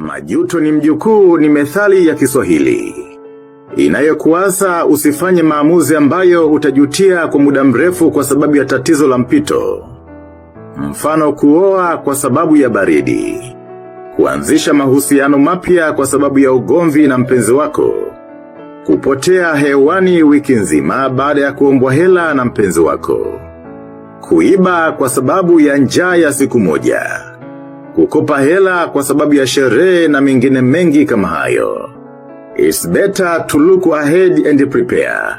Majuto ni mjukuu ni methali ya Kiswahili. Inayokuasa usifanye maamuzi ambayo utajutia kwa muda mrefu kwa sababu ya tatizo la mpito. Mfano kuoa kwa sababu ya baridi. Kuanzisha mahusiano mapya kwa sababu ya ugomvi na mpenzi wako. Kupotea hewani wiki nzima baada ya kuombwa hela na mpenzi wako. Kuiba kwa sababu ya njaa ya siku moja kukopa hela kwa sababu ya sherehe na mengine mengi kama hayo. It's better to look ahead and prepare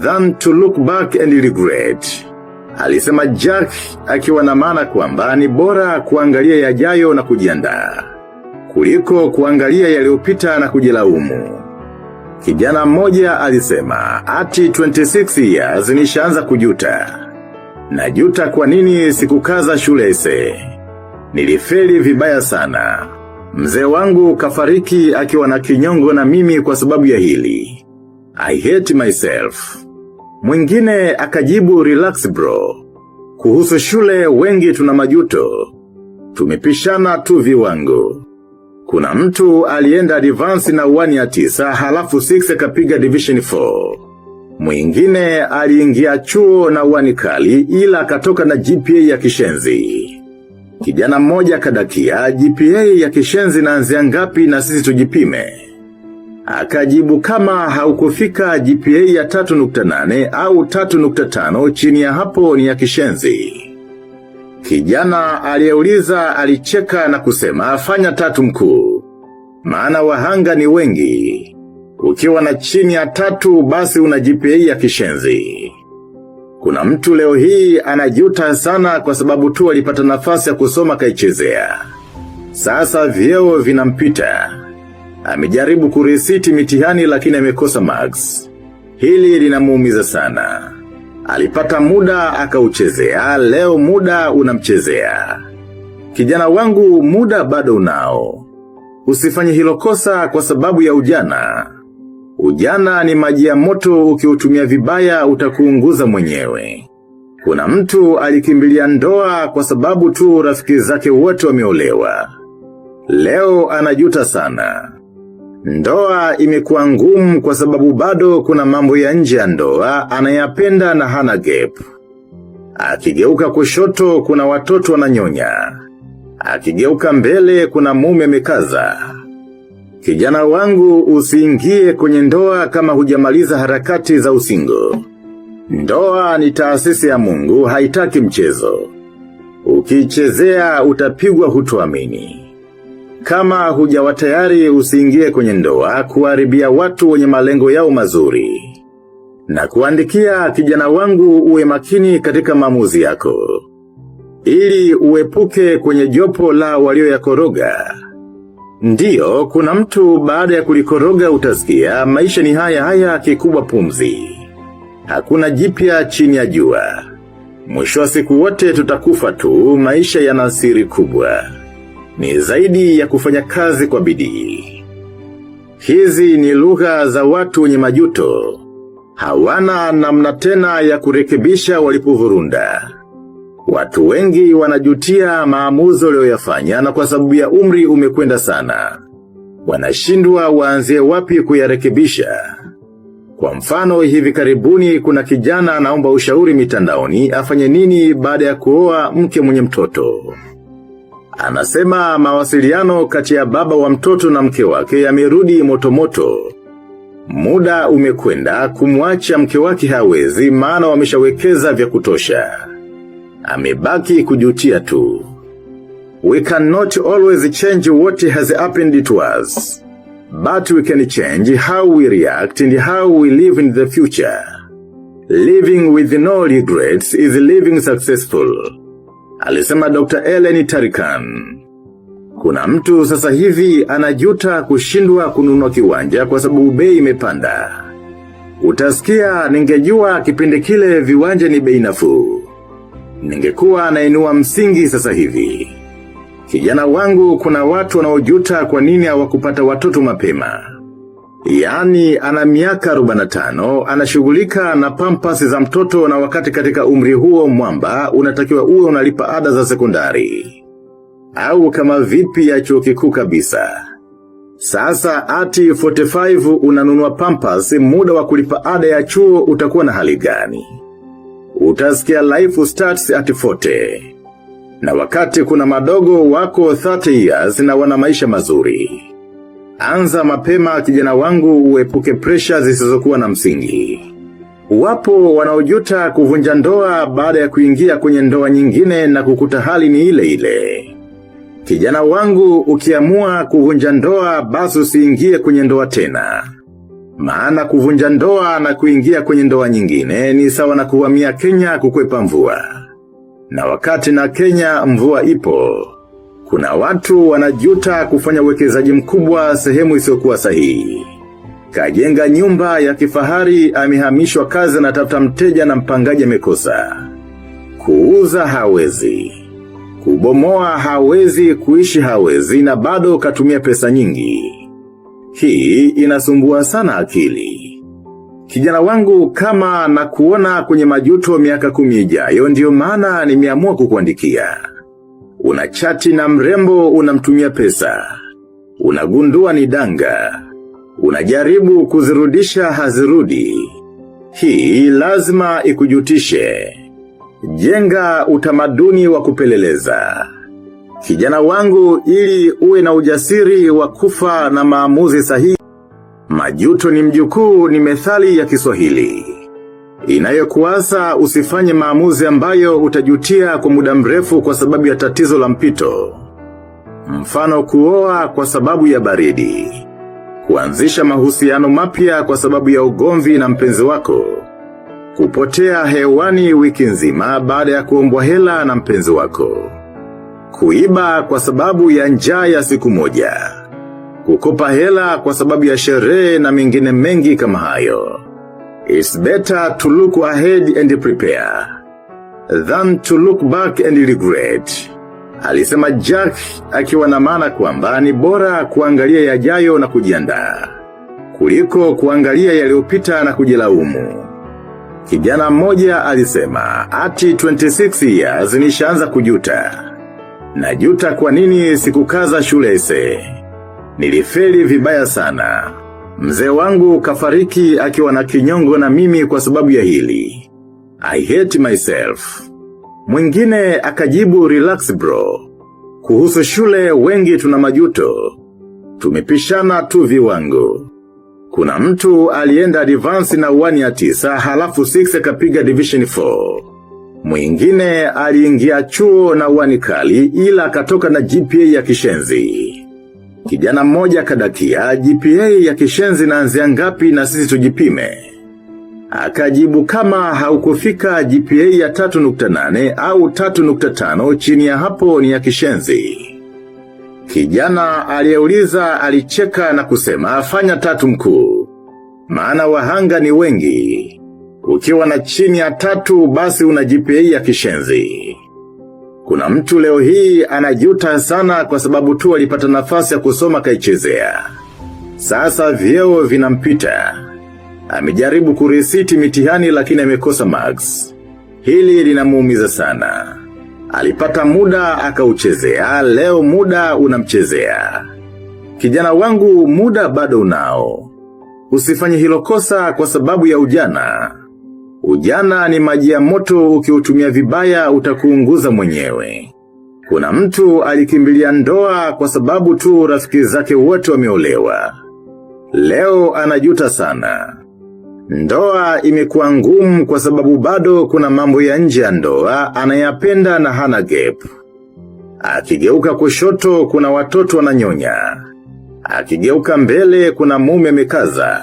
than to look back and regret. Alisema Jack akiwa na maana kwamba ni bora kuangalia yajayo na kujiandaa kuliko kuangalia yaliyopita na kujilaumu. Kijana mmoja alisema, ati 26 years nishaanza kujuta. Najuta kwa nini sikukaza shule ese nilifeli vibaya sana. Mzee wangu kafariki akiwa na kinyongo na mimi kwa sababu ya hili. I hate myself. Mwingine akajibu relax bro. Kuhusu shule wengi tuna majuto. Tumepishana tu viwango. Kuna mtu alienda advance na uani ya tisa halafu 6 akapiga division 4. Mwingine aliingia chuo na uani kali ila akatoka na GPA ya kishenzi. Kijana mmoja kadakia GPA ya kishenzi naanzia ngapi na sisi tujipime? Akajibu kama haukufika GPA ya 3.8 au 3.5 chini ya hapo ni ya kishenzi. Kijana aliyeuliza alicheka na kusema fanya tatu mkuu, maana wahanga ni wengi. Ukiwa na chini ya tatu, basi una GPA ya kishenzi. Kuna mtu leo hii anajuta sana kwa sababu tu alipata nafasi ya kusoma kaichezea. Sasa vyeo vinampita. Amejaribu kurisiti mitihani lakini amekosa marks. Hili linamuumiza sana. Alipata muda akauchezea, leo muda unamchezea. Kijana wangu, muda bado unao. Usifanye hilo kosa kwa sababu ya ujana. Ujana ni maji ya moto, ukiutumia vibaya utakuunguza mwenyewe. Kuna mtu alikimbilia ndoa kwa sababu tu rafiki zake wote wameolewa. Leo anajuta sana. Ndoa imekuwa ngumu kwa sababu bado kuna mambo ya nje ya ndoa anayapenda na hana gap. Akigeuka kushoto kuna watoto wananyonya. Akigeuka mbele kuna mume mekaza. Kijana wangu usiingie kwenye ndoa kama hujamaliza harakati za usingo. Ndoa ni taasisi ya Mungu, haitaki mchezo. Ukichezea utapigwa hutuamini. Kama hujawa tayari usiingie kwenye ndoa kuharibia watu wenye malengo yao mazuri. Na kuandikia kijana wangu uwe makini katika maamuzi yako. Ili uepuke kwenye jopo la walioyakoroga Ndiyo, kuna mtu baada ya kulikoroga utasikia, maisha ni haya haya kikubwa pumzi. Hakuna jipya chini ya jua. Mwisho wa siku wote tutakufa tu, maisha yana siri kubwa. Ni zaidi ya kufanya kazi kwa bidii. Hizi ni lugha za watu wenye majuto. Hawana namna tena ya kurekebisha walipovurunda. Watu wengi wanajutia maamuzi walioyafanya na kwa sababu ya umri umekwenda sana. Wanashindwa waanzie wapi kuyarekebisha. Kwa mfano, hivi karibuni kuna kijana anaomba ushauri mitandaoni afanye nini baada ya kuoa mke mwenye mtoto. Anasema mawasiliano kati ya baba wa mtoto na mke wake yamerudi motomoto. Muda umekwenda kumwacha mke wake hawezi maana wameshawekeza vya kutosha amebaki kujutia tu. We cannot always change what has happened to us, but we can change how we react and how we live in the future. Living with no regrets is living successful, alisema Dr. Ellen Tarikan. Kuna mtu sasa hivi anajuta kushindwa kununua kiwanja kwa sababu bei imepanda. Utasikia ningejua kipindi kile viwanja ni bei nafuu ningekuwa anainua msingi sasa hivi. Kijana wangu, kuna watu wanaojuta kwa nini hawakupata watoto mapema. Yaani ana miaka 45, anashughulika na pampas za mtoto na wakati katika umri huo mwamba unatakiwa uwe unalipa ada za sekondari. Au kama vipi ya chuo kikuu kabisa. Sasa ati 45 unanunua pampas muda wa kulipa ada ya chuo utakuwa na hali gani? utasikia life starts at 40. Na wakati kuna madogo wako 30 years na wana maisha mazuri. Anza mapema kijana wangu uepuke pressure zisizokuwa na msingi. Wapo wanaojuta kuvunja ndoa baada ya kuingia kwenye ndoa nyingine na kukuta hali ni ile ile. Kijana wangu ukiamua kuvunja ndoa basi usiingie kwenye ndoa tena maana kuvunja ndoa na kuingia kwenye ndoa nyingine ni sawa na kuhamia Kenya kukwepa mvua. Na wakati na Kenya mvua ipo, kuna watu wanajuta kufanya uwekezaji mkubwa sehemu isiyokuwa sahihi. Kajenga nyumba ya kifahari, amehamishwa kazi, anatafuta mteja na mpangaji amekosa. Kuuza hawezi, kubomoa hawezi, kuishi hawezi, na bado katumia pesa nyingi. Hii inasumbua sana akili. Kijana wangu kama na kuona kwenye majuto miaka kumi ijayo ndiyo maana nimeamua kukuandikia. Una chati na mrembo unamtumia pesa. Unagundua ni danga. Unajaribu kuzirudisha hazirudi. Hii lazima ikujutishe. Jenga utamaduni wa kupeleleza. Kijana wangu, ili uwe na ujasiri wa kufa na maamuzi sahihi. Majuto ni mjukuu ni methali ya Kiswahili inayokuasa usifanye maamuzi ambayo utajutia kwa muda mrefu kwa sababu ya tatizo la mpito. Mfano, kuoa kwa sababu ya baridi, kuanzisha mahusiano mapya kwa sababu ya ugomvi na mpenzi wako, kupotea hewani wiki nzima baada ya kuombwa hela na mpenzi wako kuiba kwa sababu ya njaa ya siku moja, kukopa hela kwa sababu ya sherehe na mengine mengi kama hayo. It's better to look ahead and prepare than to look back and regret. Alisema Jack akiwa na maana kwamba ni bora kuangalia yajayo na kujiandaa kuliko kuangalia yaliyopita na kujilaumu. Kijana mmoja alisema, ati 26 years nishaanza kujuta. Najuta kwa nini sikukaza shule ise. Nilifeli vibaya sana. Mzee wangu kafariki akiwa na kinyongo na mimi kwa sababu ya hili. I hate myself. Mwingine akajibu relax bro. Kuhusu shule wengi tuna majuto. Tumepishana tu viwangu Kuna mtu alienda advance na 1 ya 9 halafu 6 akapiga division 4. Mwingine aliingia chuo na uanikali ila akatoka na GPA ya kishenzi. Kijana mmoja kadakia, GPA ya kishenzi naanzia ngapi na sisi tujipime? Akajibu kama haukufika GPA ya 3.8 au 3.5 chini ya hapo ni ya kishenzi. Kijana aliyeuliza alicheka na kusema afanya tatu mkuu, maana wahanga ni wengi. Ukiwa na chini ya tatu basi una GPA ya kishenzi. Kuna mtu leo hii anajuta sana kwa sababu tu alipata nafasi ya kusoma kaichezea. Sasa vyeo vinampita. Amejaribu kurisiti mitihani lakini amekosa marks. Hili linamuumiza sana. Alipata muda akauchezea, leo muda unamchezea. Kijana wangu, muda bado unao. Usifanye hilo kosa kwa sababu ya ujana. Ujana ni maji ya moto, ukiutumia vibaya utakuunguza mwenyewe. Kuna mtu alikimbilia ndoa kwa sababu tu rafiki zake wote wameolewa. Leo anajuta sana. Ndoa imekuwa ngumu kwa sababu bado kuna mambo ya nje ya ndoa anayapenda na hana gap. Akigeuka kushoto kuna watoto wananyonya. Akigeuka mbele kuna mume amekaza.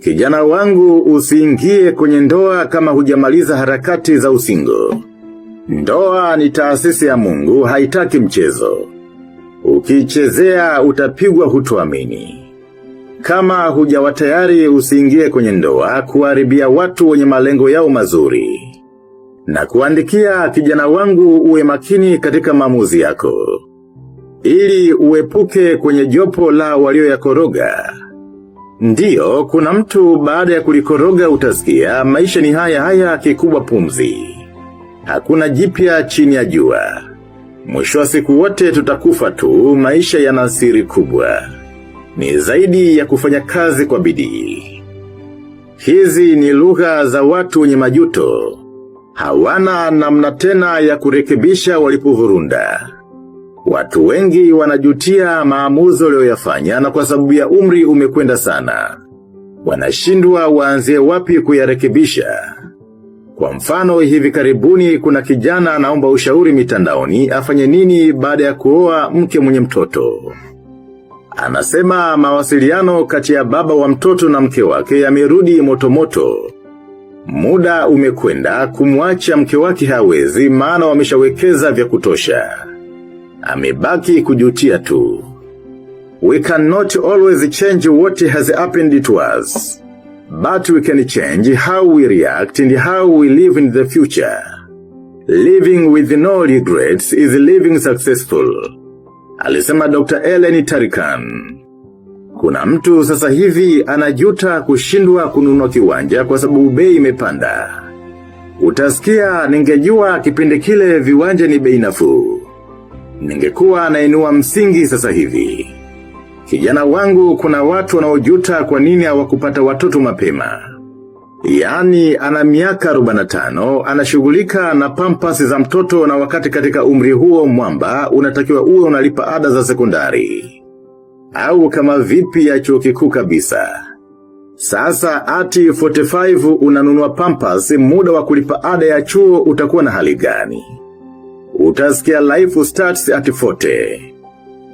Kijana wangu usiingie kwenye ndoa kama hujamaliza harakati za usingo. Ndoa ni taasisi ya mungu haitaki mchezo. Ukichezea utapigwa hutoamini Kama hujawa tayari usiingie kwenye ndoa kuharibia watu wenye malengo yao mazuri. Na kuandikia kijana wangu uwe makini katika maamuzi yako. Ili uepuke kwenye jopo la walio ya koroga Ndiyo, kuna mtu baada ya kulikoroga utasikia, maisha ni haya haya kikubwa pumzi. Hakuna jipya chini ya jua. Mwisho wa siku wote tutakufa tu, maisha yana siri kubwa. Ni zaidi ya kufanya kazi kwa bidii. Hizi ni lugha za watu wenye majuto. Hawana namna tena ya kurekebisha walipovurunda. Watu wengi wanajutia maamuzi walioyafanya na kwa sababu ya umri umekwenda sana, wanashindwa waanzie wapi kuyarekebisha. Kwa mfano, hivi karibuni kuna kijana anaomba ushauri mitandaoni afanye nini baada ya kuoa mke mwenye mtoto. Anasema mawasiliano kati ya baba wa mtoto na mke wake yamerudi motomoto. Muda umekwenda kumwacha mke wake hawezi maana wameshawekeza vya kutosha amebaki kujutia tu. We cannot always change what has happened to us, but we can change how we react and how we live in the future. Living with no regrets is living successful, alisema Dr. Ellen Tarikan. Kuna mtu sasa hivi anajuta kushindwa kununua kiwanja kwa sababu bei imepanda. Utasikia ningejua kipindi kile viwanja ni bei nafuu ningekuwa anainua msingi sasa hivi. Kijana wangu kuna watu wanaojuta kwa nini hawakupata watoto mapema. Yaani ana miaka 45, anashughulika na pampasi za mtoto na wakati katika umri huo mwamba unatakiwa uwe unalipa ada za sekondari. Au kama vipi ya chuo kikuu kabisa. Sasa ati 45 unanunua pampasi muda wa kulipa ada ya chuo utakuwa na hali gani? utasikia life starts at 40.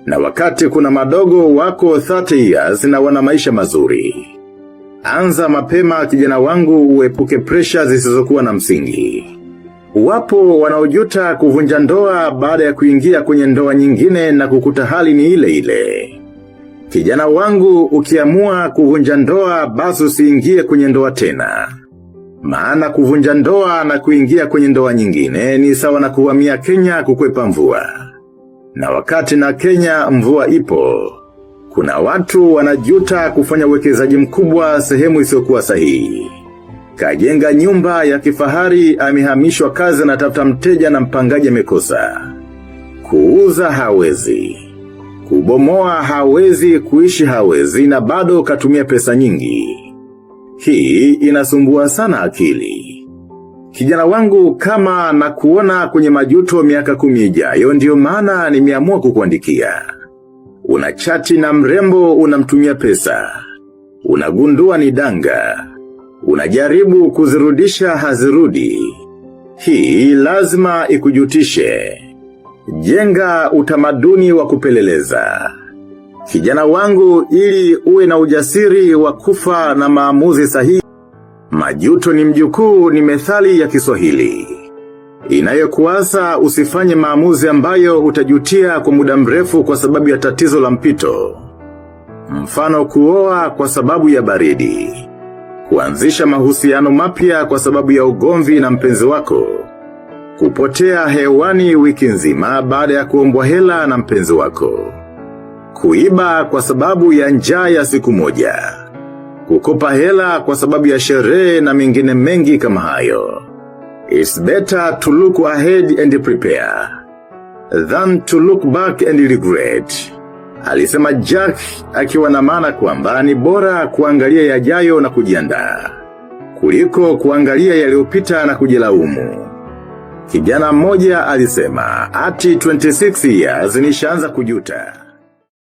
Na wakati kuna madogo wako 30 years na wana maisha mazuri. Anza mapema kijana wangu uepuke presha zisizokuwa na msingi. Wapo wanaojuta kuvunja ndoa baada ya kuingia kwenye ndoa nyingine na kukuta hali ni ile ile. Kijana wangu ukiamua kuvunja ndoa basi usiingie kwenye ndoa tena maana kuvunja ndoa na kuingia kwenye ndoa nyingine ni sawa na kuhamia Kenya kukwepa mvua. Na wakati na Kenya mvua ipo, kuna watu wanajuta kufanya uwekezaji mkubwa sehemu isiyokuwa sahihi. Kajenga nyumba ya kifahari, amehamishwa kazi, anatafuta mteja na mpangaji amekosa. Kuuza hawezi, kubomoa hawezi, kuishi hawezi, na bado katumia pesa nyingi. Hii inasumbua sana akili. Kijana wangu kama na kuona kwenye majuto miaka kumi ijayo ndiyo maana nimeamua kukuandikia. Una chati na mrembo unamtumia pesa. Unagundua ni danga. Unajaribu kuzirudisha hazirudi. Hii lazima ikujutishe. Jenga utamaduni wa kupeleleza. Kijana wangu, ili uwe na ujasiri wa kufa na maamuzi sahihi. Majuto ni mjukuu ni methali ya Kiswahili inayokuasa usifanye maamuzi ambayo utajutia kwa muda mrefu kwa sababu ya tatizo la mpito. Mfano, kuoa kwa sababu ya baridi, kuanzisha mahusiano mapya kwa sababu ya ugomvi na mpenzi wako, kupotea hewani wiki nzima baada ya kuombwa hela na mpenzi wako kuiba kwa sababu ya njaa ya siku moja, kukopa hela kwa sababu ya sherehe na mengine mengi kama hayo. It's better to look ahead and prepare than to look back and regret. Alisema Jack akiwa na maana kwamba ni bora kuangalia yajayo na kujiandaa kuliko kuangalia yaliyopita na kujilaumu. Kijana mmoja alisema, ati 26 years nishaanza kujuta.